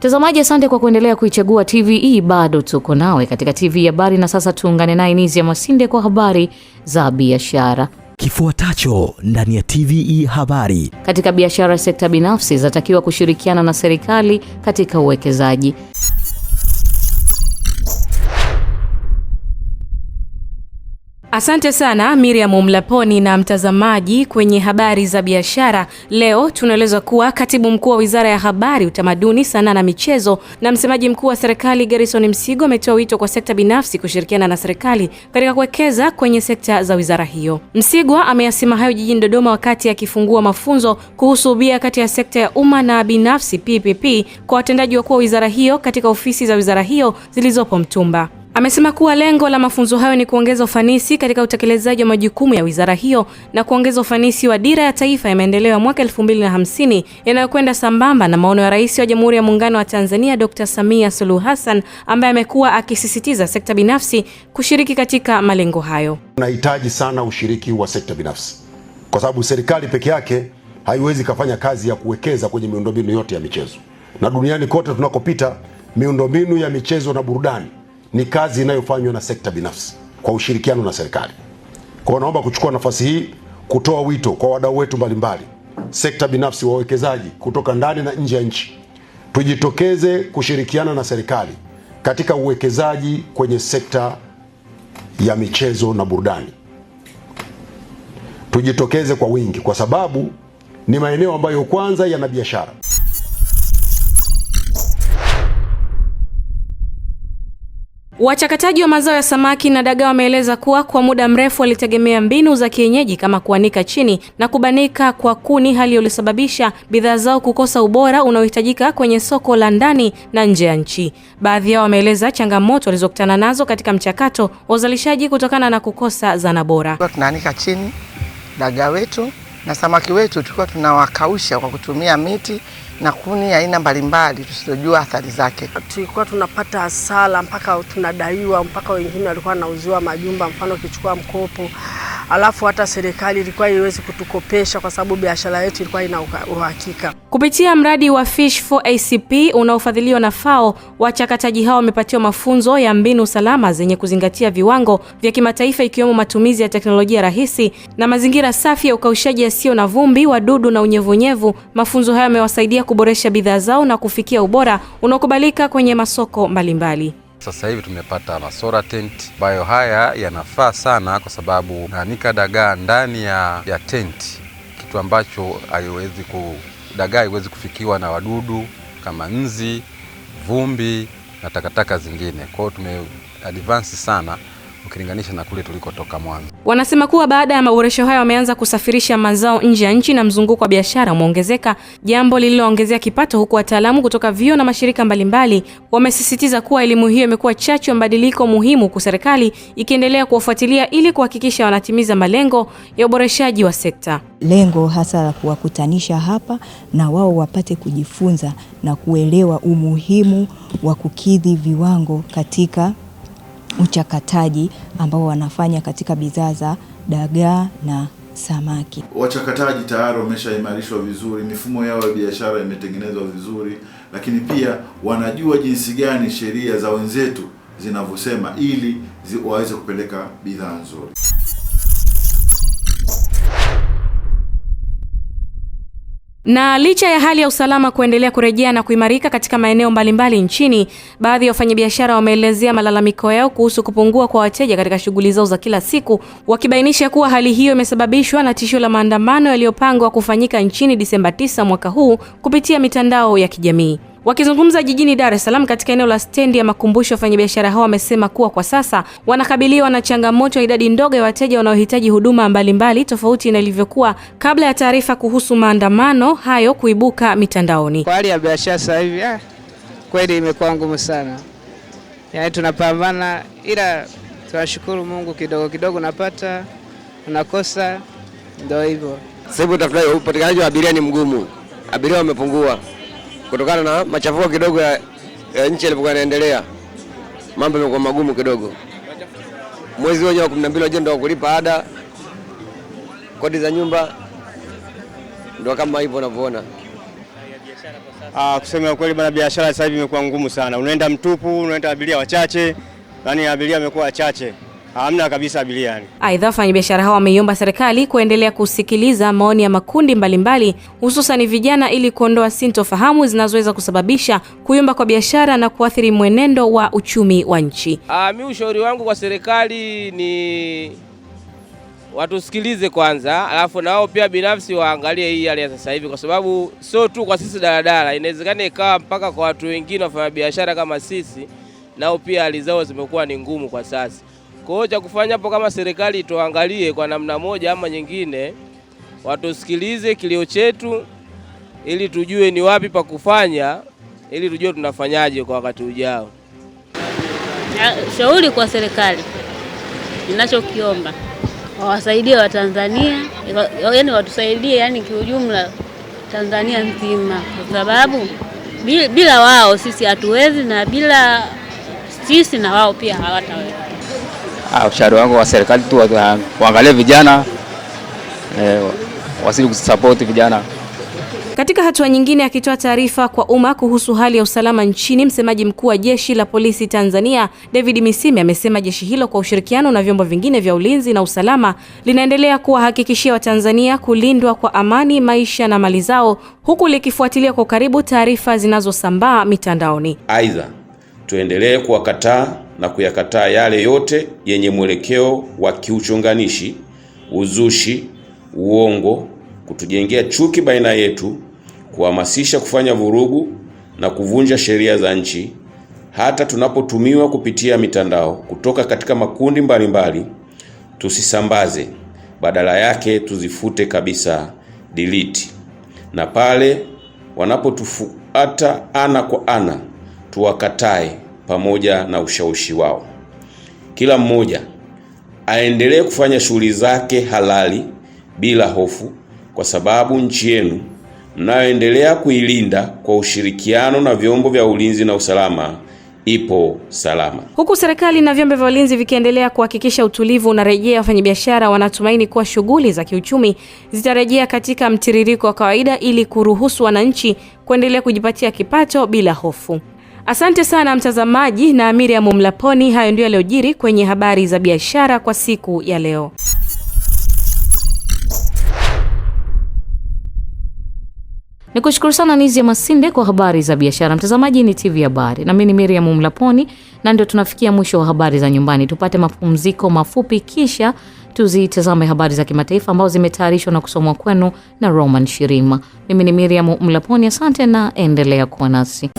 Mtazamaji, asante kwa kuendelea kuichagua TVE. Bado tuko nawe katika TV e habari, na sasa tuungane naye ya Masinde kwa habari za biashara. Kifuatacho ndani ya TVE habari. Katika biashara, sekta binafsi zatakiwa kushirikiana na serikali katika uwekezaji. Asante sana Miriam Mlaponi na mtazamaji, kwenye habari za biashara leo tunaelezwa kuwa katibu mkuu wa wizara ya habari, utamaduni, sanaa na michezo na msemaji mkuu wa serikali Garrison Msigo ametoa wito kwa sekta binafsi kushirikiana na serikali katika kuwekeza kwenye sekta za wizara hiyo. Msigwa ameyasema hayo jijini Dodoma wakati akifungua mafunzo kuhusu ubia kati ya sekta ya umma na binafsi PPP kwa watendaji wakuu wa wizara hiyo katika ofisi za wizara hiyo zilizopo Mtumba. Amesema kuwa lengo la mafunzo hayo ni kuongeza ufanisi katika utekelezaji wa majukumu ya wizara hiyo na kuongeza ufanisi wa Dira ya Taifa ya Maendeleo ya mwaka 2050 yanayokwenda sambamba na maono ya Rais wa Jamhuri ya Muungano wa Tanzania Dr. Samia Suluhu Hassan ambaye amekuwa akisisitiza sekta binafsi kushiriki katika malengo hayo. Tunahitaji sana ushiriki wa sekta binafsi kwa sababu serikali peke yake haiwezi kafanya kazi ya kuwekeza kwenye miundombinu yote ya michezo, na duniani kote tunakopita miundombinu ya michezo na burudani ni kazi inayofanywa na sekta binafsi kwa ushirikiano na serikali. Kwa naomba kuchukua nafasi hii kutoa wito kwa wadau wetu mbalimbali, sekta binafsi, wawekezaji kutoka ndani na nje ya nchi, tujitokeze kushirikiana na serikali katika uwekezaji kwenye sekta ya michezo na burudani. Tujitokeze kwa wingi, kwa sababu ni maeneo ambayo kwanza yana biashara Wachakataji wa mazao ya samaki na dagaa wameeleza kuwa kwa muda mrefu walitegemea mbinu za kienyeji kama kuanika chini na kubanika kwa kuni, hali iliyosababisha bidhaa zao kukosa ubora unaohitajika kwenye soko la ndani na nje ya nchi. Baadhi yao wameeleza changamoto walizokutana nazo katika mchakato wa uzalishaji kutokana na kukosa zana bora. Tunaanika chini dagaa wetu na samaki wetu, tulikuwa tunawakausha kwa kutumia miti na kuni aina mbalimbali tusizojua athari zake. Tulikuwa tunapata hasara mpaka tunadaiwa, mpaka wengine walikuwa wanauziwa majumba, mfano ukichukua mkopo alafu hata serikali ilikuwa iwezi kutukopesha kwa sababu biashara yetu ilikuwa ina uhakika. Kupitia mradi wa Fish for ACP unaofadhiliwa na FAO, wachakataji hao wamepatiwa mafunzo ya mbinu salama zenye kuzingatia viwango vya kimataifa ikiwemo matumizi ya teknolojia rahisi na mazingira safi ya ukaushaji yasiyo na vumbi, wadudu na unyevunyevu. Mafunzo hayo yamewasaidia kuboresha bidhaa zao na kufikia ubora unaokubalika kwenye masoko mbalimbali mbali. Sasa hivi tumepata masora tent ambayo haya yanafaa sana kwa sababu naanika dagaa ndani ya, ya tenti, kitu ambacho haiwezi ku dagaa haiwezi kufikiwa na wadudu kama nzi, vumbi na takataka zingine. Kwa hiyo advance sana ukilinganisha na kule tulikotoka mwanzo. Wanasema kuwa baada ya maboresho hayo wameanza kusafirisha mazao nje ya nchi na mzunguko wa biashara umeongezeka, jambo lililoongezea kipato, huku wataalamu kutoka vyuo na mashirika mbalimbali wamesisitiza kuwa elimu hiyo imekuwa chachu ya mabadiliko muhimu, huku serikali ikiendelea kuwafuatilia ili kuhakikisha wanatimiza malengo ya uboreshaji wa sekta, lengo hasa la kuwakutanisha hapa na wao wapate kujifunza na kuelewa umuhimu wa kukidhi viwango katika uchakataji ambao wanafanya katika bidhaa za dagaa na samaki. Wachakataji tayari wameshaimarishwa vizuri, mifumo yao ya biashara imetengenezwa vizuri, lakini pia wanajua jinsi gani sheria za wenzetu zinavyosema ili zi waweze kupeleka bidhaa nzuri. Na licha ya hali ya usalama kuendelea kurejea na kuimarika katika maeneo mbalimbali nchini, baadhi ya wafanyabiashara wameelezea malalamiko yao kuhusu kupungua kwa wateja katika shughuli zao za kila siku, wakibainisha kuwa hali hiyo imesababishwa na tishio la maandamano yaliyopangwa kufanyika nchini Disemba 9 mwaka huu kupitia mitandao ya kijamii. Wakizungumza jijini Dar es Salaam katika eneo la stendi ya makumbusho, wafanyabiashara hao wamesema kuwa kwa sasa wanakabiliwa na changamoto ya idadi ndogo ya wateja wanaohitaji huduma mbalimbali mbali, tofauti na ilivyokuwa kabla ya taarifa kuhusu maandamano hayo kuibuka mitandaoni. Kwa hali ya biashara sasa hivi ah, kweli imekuwa ngumu sana, yaani tunapambana, ila tunashukuru Mungu, kidogo kidogo unapata unakosa, ndio hivyo. Sasa hivi upatikanaji wa abiria ni mgumu, abiria wamepungua kutokana na machafuko kidogo ya, ya nchi yalivyokuwa yanaendelea, mambo yamekuwa magumu kidogo. Mwezi wenyewe wa 12 wajua mbili ndo kulipa ada, kodi za nyumba, ndo kama hivyo unavyoona. Ah, kusema kweli bana, biashara sasa hivi imekuwa ngumu sana, unaenda mtupu, unaenda abiria wachache, yaani abiria amekuwa wachache. Hamna kabisa biliani Aidha, wafanyabiashara hao wameiomba serikali kuendelea kusikiliza maoni ya makundi mbalimbali hususani vijana ili kuondoa sintofahamu zinazoweza kusababisha kuyumba kwa biashara na kuathiri mwenendo wa uchumi wa nchi. Ah, mi ushauri wangu kwa serikali ni watusikilize kwanza, alafu na wao pia binafsi waangalie hii hali ya sasa hivi, kwa sababu sio tu kwa sisi daladala, inawezekana ikawa mpaka kwa watu wengine wafanyabiashara kama sisi, nao pia hali zao zimekuwa ni ngumu kwa sasa. Kwa hiyo cha kufanya hapo, kama serikali tuangalie kwa namna moja ama nyingine, watusikilize kilio chetu, ili tujue ni wapi pa kufanya, ili tujue tunafanyaje kwa wakati ujao. Shauri kwa serikali, ninachokiomba wawasaidie Watanzania, yaani watusaidie, yani kiujumla Tanzania nzima, kwa sababu bila wao sisi hatuwezi, na bila sisi na wao pia hawataweza. Ah, ushauri wangu wa serikali tu waangalie vijana eh, wasili kusapoti vijana. Katika hatua nyingine, akitoa taarifa kwa umma kuhusu hali ya usalama nchini, msemaji mkuu wa jeshi la polisi Tanzania David Misimi amesema jeshi hilo kwa ushirikiano na vyombo vingine vya ulinzi na usalama linaendelea kuwahakikishia Watanzania kulindwa kwa amani, maisha na mali zao, huku likifuatilia kwa karibu taarifa zinazosambaa mitandaoni. Aidha, tuendelee kuwakataa na kuyakataa yale yote yenye mwelekeo wa kiuchonganishi, uzushi, uongo, kutujengea chuki baina yetu, kuhamasisha kufanya vurugu na kuvunja sheria za nchi, hata tunapotumiwa kupitia mitandao kutoka katika makundi mbalimbali mbali, tusisambaze badala yake tuzifute kabisa, delete. Na pale wanapotufuata ana kwa ana tuwakatae pamoja na ushawishi wao. Kila mmoja aendelee kufanya shughuli zake halali bila hofu, kwa sababu nchi yenu mnayoendelea kuilinda kwa ushirikiano na vyombo vya ulinzi na usalama ipo salama. Huku serikali na vyombo vya ulinzi vikiendelea kuhakikisha utulivu unarejea, wafanyabiashara wanatumaini kuwa shughuli za kiuchumi zitarejea katika mtiririko wa kawaida ili kuruhusu wananchi kuendelea kujipatia kipato bila hofu. Asante sana mtazamaji na Miriam Mlaponi. Hayo ndio yaliyojiri kwenye habari za biashara kwa siku ya leo. Ni kushukuru sana Nizia Masinde kwa habari za biashara. Mtazamaji ni TV Habari na mimi ni Miriam Mlaponi, na ndio tunafikia mwisho wa habari za nyumbani. Tupate mapumziko mafupi, kisha tuzitazame habari za kimataifa ambazo zimetayarishwa na kusomwa kwenu na Roman Shirima. Mimi ni Miriam Mlaponi, asante na endelea kuwa nasi.